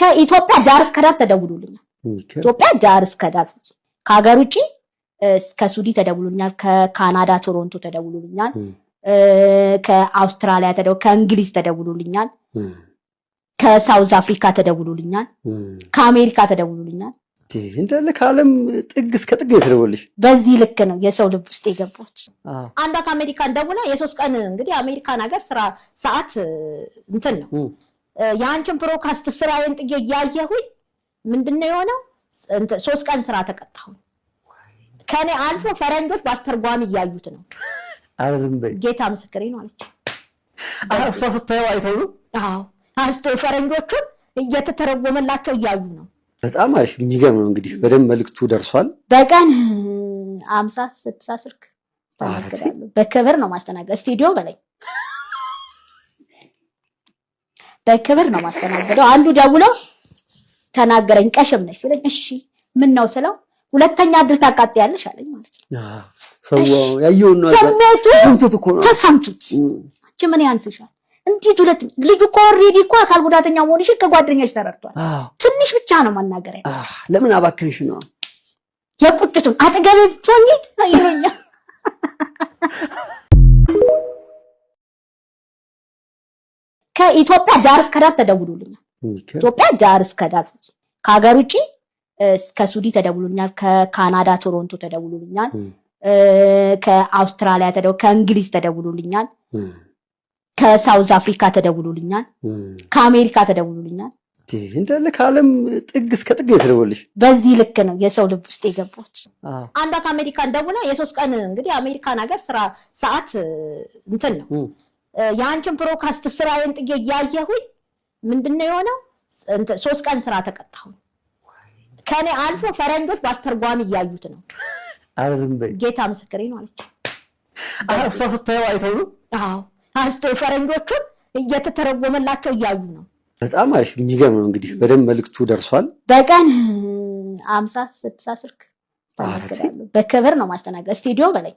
ከኢትዮጵያ ዳር እስከ ዳር ተደውሎልኛል። ኢትዮጵያ ዳር እስከ ዳር ከሀገር ውጭ ከሱዲ ተደውሎልኛል። ከካናዳ ቶሮንቶ ተደውሎልኛል። ከአውስትራሊያ ተደ ከእንግሊዝ ተደውሎልኛል። ከሳውዝ አፍሪካ ተደውሎልኛል። ከአሜሪካ ተደውሎልኛል። እንዳለ ከዓለም ጥግ እስከ ጥግ የተደወልሽ። በዚህ ልክ ነው የሰው ልብ ውስጥ የገባች። አንዷ ከአሜሪካን እንደውላ የሶስት ቀን እንግዲህ አሜሪካን ሀገር ስራ ሰዓት እንትን ነው የአንችን ፕሮካስት ስራዬን ጥዬ እያየሁኝ ምንድነው የሆነው? ሶስት ቀን ስራ ተቀጣሁኝ። ከኔ አልፎ ፈረንጆች በአስተርጓሚ እያዩት ነው። ጌታ ምስክሬ ነው አለች። እሷ ስታየው አይተው ነው ፈረንጆቹን እየተተረጎመላቸው እያዩ ነው። በጣም አሪፍ የሚገርም ነው። እንግዲህ በደንብ መልዕክቱ ደርሷል። በቀን አምሳ ስድሳ ስልክ በክብር ነው ማስተናገድ ስቱዲዮ በላይ በክብር ነው ማስተናገደው። አንዱ ደውሎ ተናገረኝ፣ ቀሽም ነች ሲለኝ እሺ ምን ነው ስለው ሁለተኛ እድል ታቃጥያለሽ አለኝ ማለት ነው። ስሜቱ ተሰምቱት አንቺ ምን ያንስሻል? እንዴት ሁለት ልጁ እኮ ኦልሬዲ እኮ አካል ጉዳተኛ መሆንሽን ከጓደኛሽ ተረድቷል። ትንሽ ብቻ ነው ማናገር። ለምን አባክንሽ ነው የቁጭቱን አጠገቤ ብቻ ይሉኛል ከኢትዮጵያ ዳር እስከ ዳር ተደውሎልኛል። ኢትዮጵያ ዳር እስከ ዳር ከሀገር ውጭ ከሱዲ ተደውሎልኛል። ከካናዳ ቶሮንቶ ተደውሎልኛል። ከአውስትራሊያ ተደ ከእንግሊዝ ተደውሎልኛል። ከሳውዝ አፍሪካ ተደውሎልኛል። ከአሜሪካ ተደውሎልኛል። እንዳለ ከዓለም ጥግ እስከ ጥግ የተደወልሽ። በዚህ ልክ ነው የሰው ልብ ውስጥ የገባች። አንዷ ከአሜሪካን ደውላ የሶስት ቀን እንግዲህ አሜሪካን ሀገር ስራ ሰዓት እንትን ነው የአንችን ፕሮካስት ስራዬን ጥዬ እያየሁኝ ምንድን ነው የሆነው? ሶስት ቀን ስራ ተቀጣሁኝ። ከኔ አልፎ ፈረንጆች በአስተርጓሚ እያዩት ነው። ጌታ ምስክሬ ነው አለች። እሷ ስታየው አይተው ነው አስቶ ፈረንጆቹን እየተተረጎመላቸው እያዩ ነው። በጣም አሪፍ የሚገርም ነው። እንግዲህ በደንብ መልዕክቱ ደርሷል። በቀን አምሳ ስድሳ ስልክ በክብር ነው ማስተናገድ ስቱዲዮ በላይ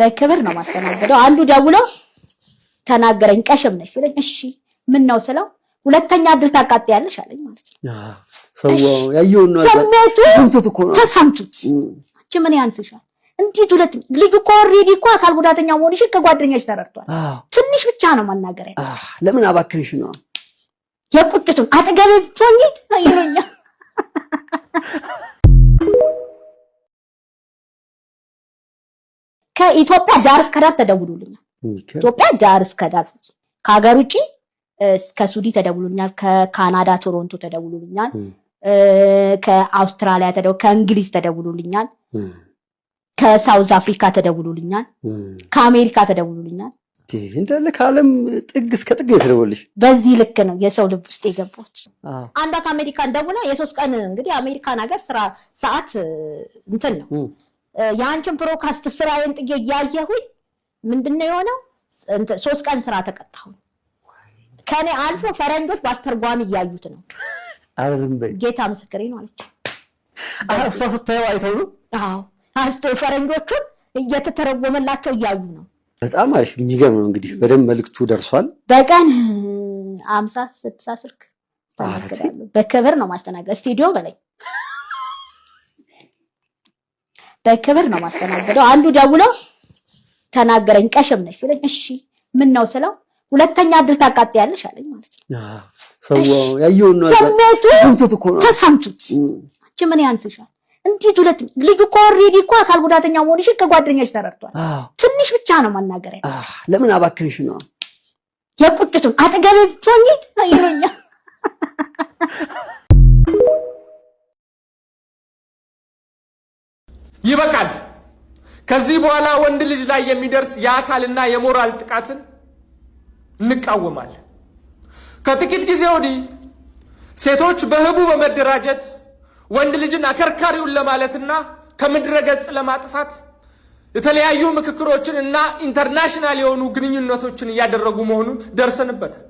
በክብር ነው ማስተናገደው። አንዱ ደውሎ ተናገረኝ፣ ቀሽም ነሽ ሲለኝ እሺ ምን ነው ስለው ሁለተኛ እድል ታቃጥያለሽ አለኝ ማለት ነው። ስሜቱ ተሰምቱት አንቺ ምን ያንስሻል? እንዴት ሁለት ልጁ እኮ ኦልሬዲ እኮ አካል ጉዳተኛ መሆንሽን ከጓደኛሽ ተረድቷል። ትንሽ ብቻ ነው ማናገር። ለምን አባክንሽ ነው የቁጭቱን አጠገቤ ብቻ ይሉኛል ከኢትዮጵያ ዳር እስከ ዳር ተደውሎልኛል። ኢትዮጵያ ዳር እስከ ዳር ከሀገር ውጭ ከሱዲ ተደውሎልኛል። ከካናዳ ቶሮንቶ ተደውሎልኛል። ከአውስትራሊያ ተደ ከእንግሊዝ ተደውሎልኛል። ከሳውዝ አፍሪካ ተደውሎልኛል። ከአሜሪካ ተደውሎልኛል። እንዳለ ከዓለም ጥግ እስከ ጥግ የተደወልሽ። በዚህ ልክ ነው የሰው ልብ ውስጥ የገባች። አንዷ ከአሜሪካን ደውላ የሶስት ቀን እንግዲህ አሜሪካን ሀገር ስራ ሰዓት እንትን ነው የአንችን ብሮካስት ስራዬን ጥዬ እያየሁኝ ምንድነው የሆነው? ሶስት ቀን ስራ ተቀጣሁኝ። ከኔ አልፎ ፈረንጆች በአስተርጓሚ እያዩት ነው። ጌታ ምስክሬ ነው አለች። እሷ ስታየው አይተው ነው ፈረንጆቹን እየተተረጎመላቸው እያዩ ነው። በጣም አሪፍ የሚገርም እንግዲህ በደንብ መልዕክቱ ደርሷል። በቀን አምሳ ስድሳ ስልክ በክብር ነው ማስተናገድ ስቱዲዮ በላይ በክብር ነው ማስተናገደው። አንዱ ደውሎ ተናገረኝ ቀሽም ነሽ ሲለኝ እሺ ምን ነው ስለው ሁለተኛ እድል ታቃጥያለሽ አለኝ ማለት ነው። ስሜቱ ተሰምቱት እ ምን ያንስሻል? እንዴት ሁለት ልጁ እኮ ኦልሬዲ እኮ አካል ጉዳተኛ መሆንሽን ከጓደኛሽ ተረድቷል። ትንሽ ብቻ ነው መናገር ለምን አባክንሽ ነው የቁጭቱን አጠገብ ብቻ ይለኛል ይበቃል። ከዚህ በኋላ ወንድ ልጅ ላይ የሚደርስ የአካልና የሞራል ጥቃትን እንቃወማለን። ከጥቂት ጊዜ ወዲህ ሴቶች በህቡ በመደራጀት ወንድ ልጅን አከርካሪውን ለማለትና ከምድረ ገጽ ለማጥፋት የተለያዩ ምክክሮችን እና ኢንተርናሽናል የሆኑ ግንኙነቶችን እያደረጉ መሆኑን ደርሰንበታል።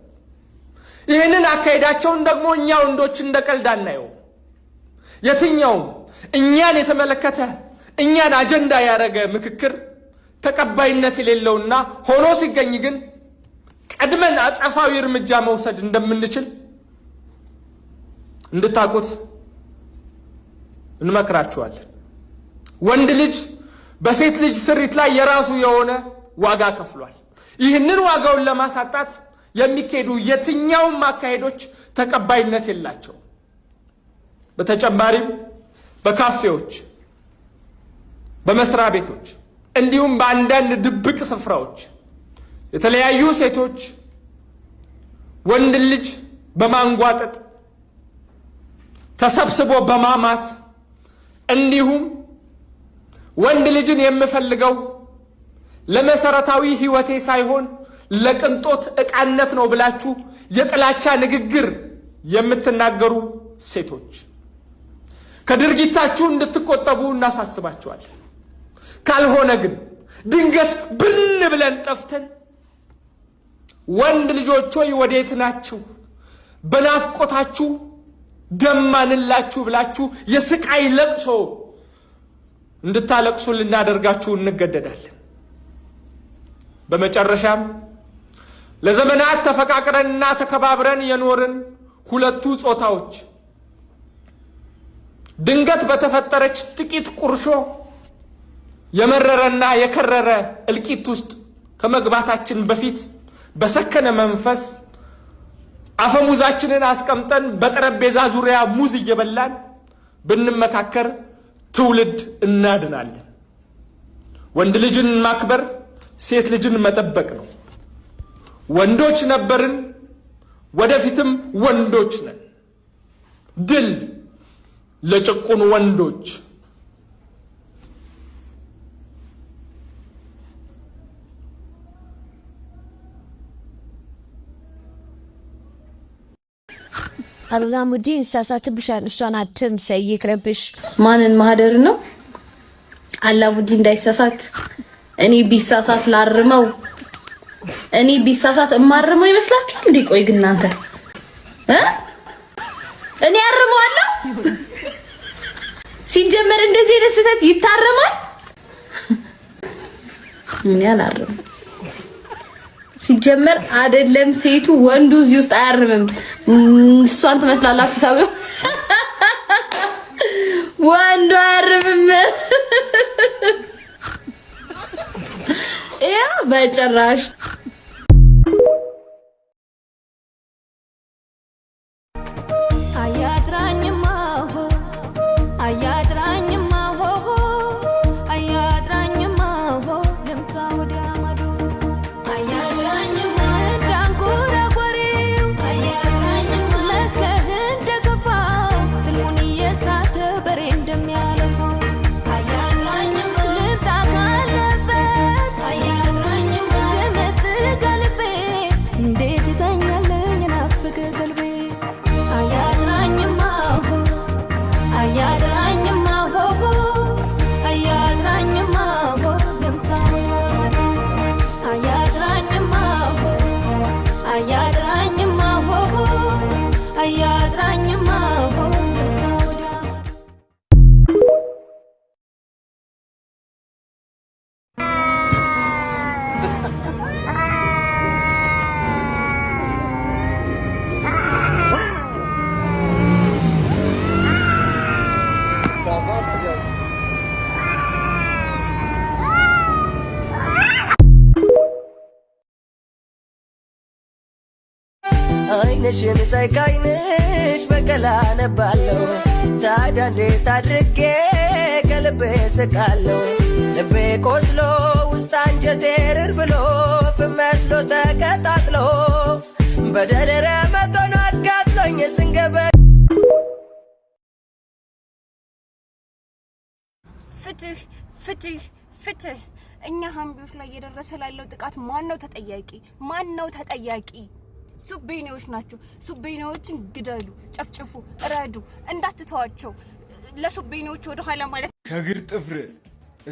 ይህንን አካሄዳቸውን ደግሞ እኛ ወንዶች እንደ ቀልድ አናየው። የትኛውም እኛን የተመለከተ እኛን አጀንዳ ያደረገ ምክክር ተቀባይነት የሌለውና ሆኖ ሲገኝ ግን ቀድመን አጸፋዊ እርምጃ መውሰድ እንደምንችል እንድታውቁት እንመክራችኋለን። ወንድ ልጅ በሴት ልጅ ስሪት ላይ የራሱ የሆነ ዋጋ ከፍሏል። ይህንን ዋጋውን ለማሳጣት የሚካሄዱ የትኛውም አካሄዶች ተቀባይነት የላቸውም። በተጨማሪም በካፌዎች በመስሪያ ቤቶች እንዲሁም በአንዳንድ ድብቅ ስፍራዎች የተለያዩ ሴቶች ወንድ ልጅ በማንጓጠጥ ተሰብስቦ በማማት እንዲሁም ወንድ ልጅን የምፈልገው ለመሰረታዊ ሕይወቴ ሳይሆን ለቅንጦት ዕቃነት ነው ብላችሁ የጥላቻ ንግግር የምትናገሩ ሴቶች ከድርጊታችሁ እንድትቆጠቡ እናሳስባችኋል። ካልሆነ ግን ድንገት ብን ብለን ጠፍተን ወንድ ልጆች ሆይ ወዴት ናችሁ? በናፍቆታችሁ ደማንላችሁ ብላችሁ የስቃይ ለቅሶ እንድታለቅሱ ልናደርጋችሁ እንገደዳለን። በመጨረሻም ለዘመናት ተፈቃቅረንና ተከባብረን የኖርን ሁለቱ ጾታዎች ድንገት በተፈጠረች ጥቂት ቁርሾ የመረረና የከረረ እልቂት ውስጥ ከመግባታችን በፊት በሰከነ መንፈስ አፈሙዛችንን አስቀምጠን በጠረጴዛ ዙሪያ ሙዝ እየበላን ብንመካከር ትውልድ እናድናለን። ወንድ ልጅን ማክበር ሴት ልጅን መጠበቅ ነው። ወንዶች ነበርን፣ ወደፊትም ወንዶች ነን። ድል ለጭቁን ወንዶች! አላሙዲን ይሳሳትብሻል፣ እሷን ሰይ ክረብሽ ማንን ማህደር ነው አላሙዲ እንዳይሳሳት። እኔ ቢሳሳት ላርመው፣ እኔ ቢሳሳት እማርመው ይመስላችኋል እንዴ? ቆይ ግን እናንተ እኔ አርመዋለሁ? ሲጀመር እንደዚህ አይነት ስህተት ይታረማል? እኔ አላርመው ሲጀመር አይደለም ሴቱ ወንዱ እዚህ ውስጥ አያርምም። እሷን ትመስላላችሁ ሰው ወንዱ አያርምም። ያ በጭራሽ አይንሽ የምሳይ ካይንሽ በቀላ ነባለው ታዲያ እንዴት አድርጌ ከልቤ ስቃለው ልቤ ቆስሎ ውስጥ አንጀቴ ርር ብሎ ፍመስሎ ተቀጣጥሎ በደረረ መቶኖ አጋጥሎኝ ስንገበ ፍትህ ፍትህ ፍትህ እኛ ሀምቢዎች ላይ እየደረሰ ላለው ጥቃት ማን ነው ተጠያቂ? ማን ነው ተጠያቂ? ሱቤኔዎች ናቸው። ሱቤኔዎችን ግደሉ፣ ጨፍጭፉ፣ እረዱ፣ እንዳትተዋቸው። ለሱቤኔዎች ወደ ኋላ ማለት ከእግር ጥፍር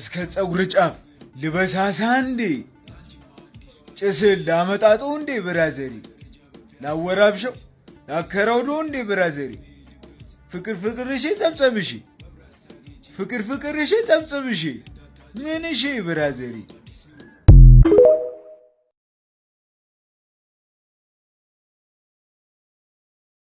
እስከ ፀጉር ጫፍ ልበሳሳ እንዴ? ጭስል ላመጣጦ እንዴ? ብራዘሪ ላወራብሸው ላከረውዶ እንዴ? ብራዘሪ ፍቅር ፍቅር እሺ፣ ጸብጸብ እሺ፣ ፍቅር ፍቅር እሺ፣ ጸብጸብ እሺ፣ ምን እሺ ብራዘሪ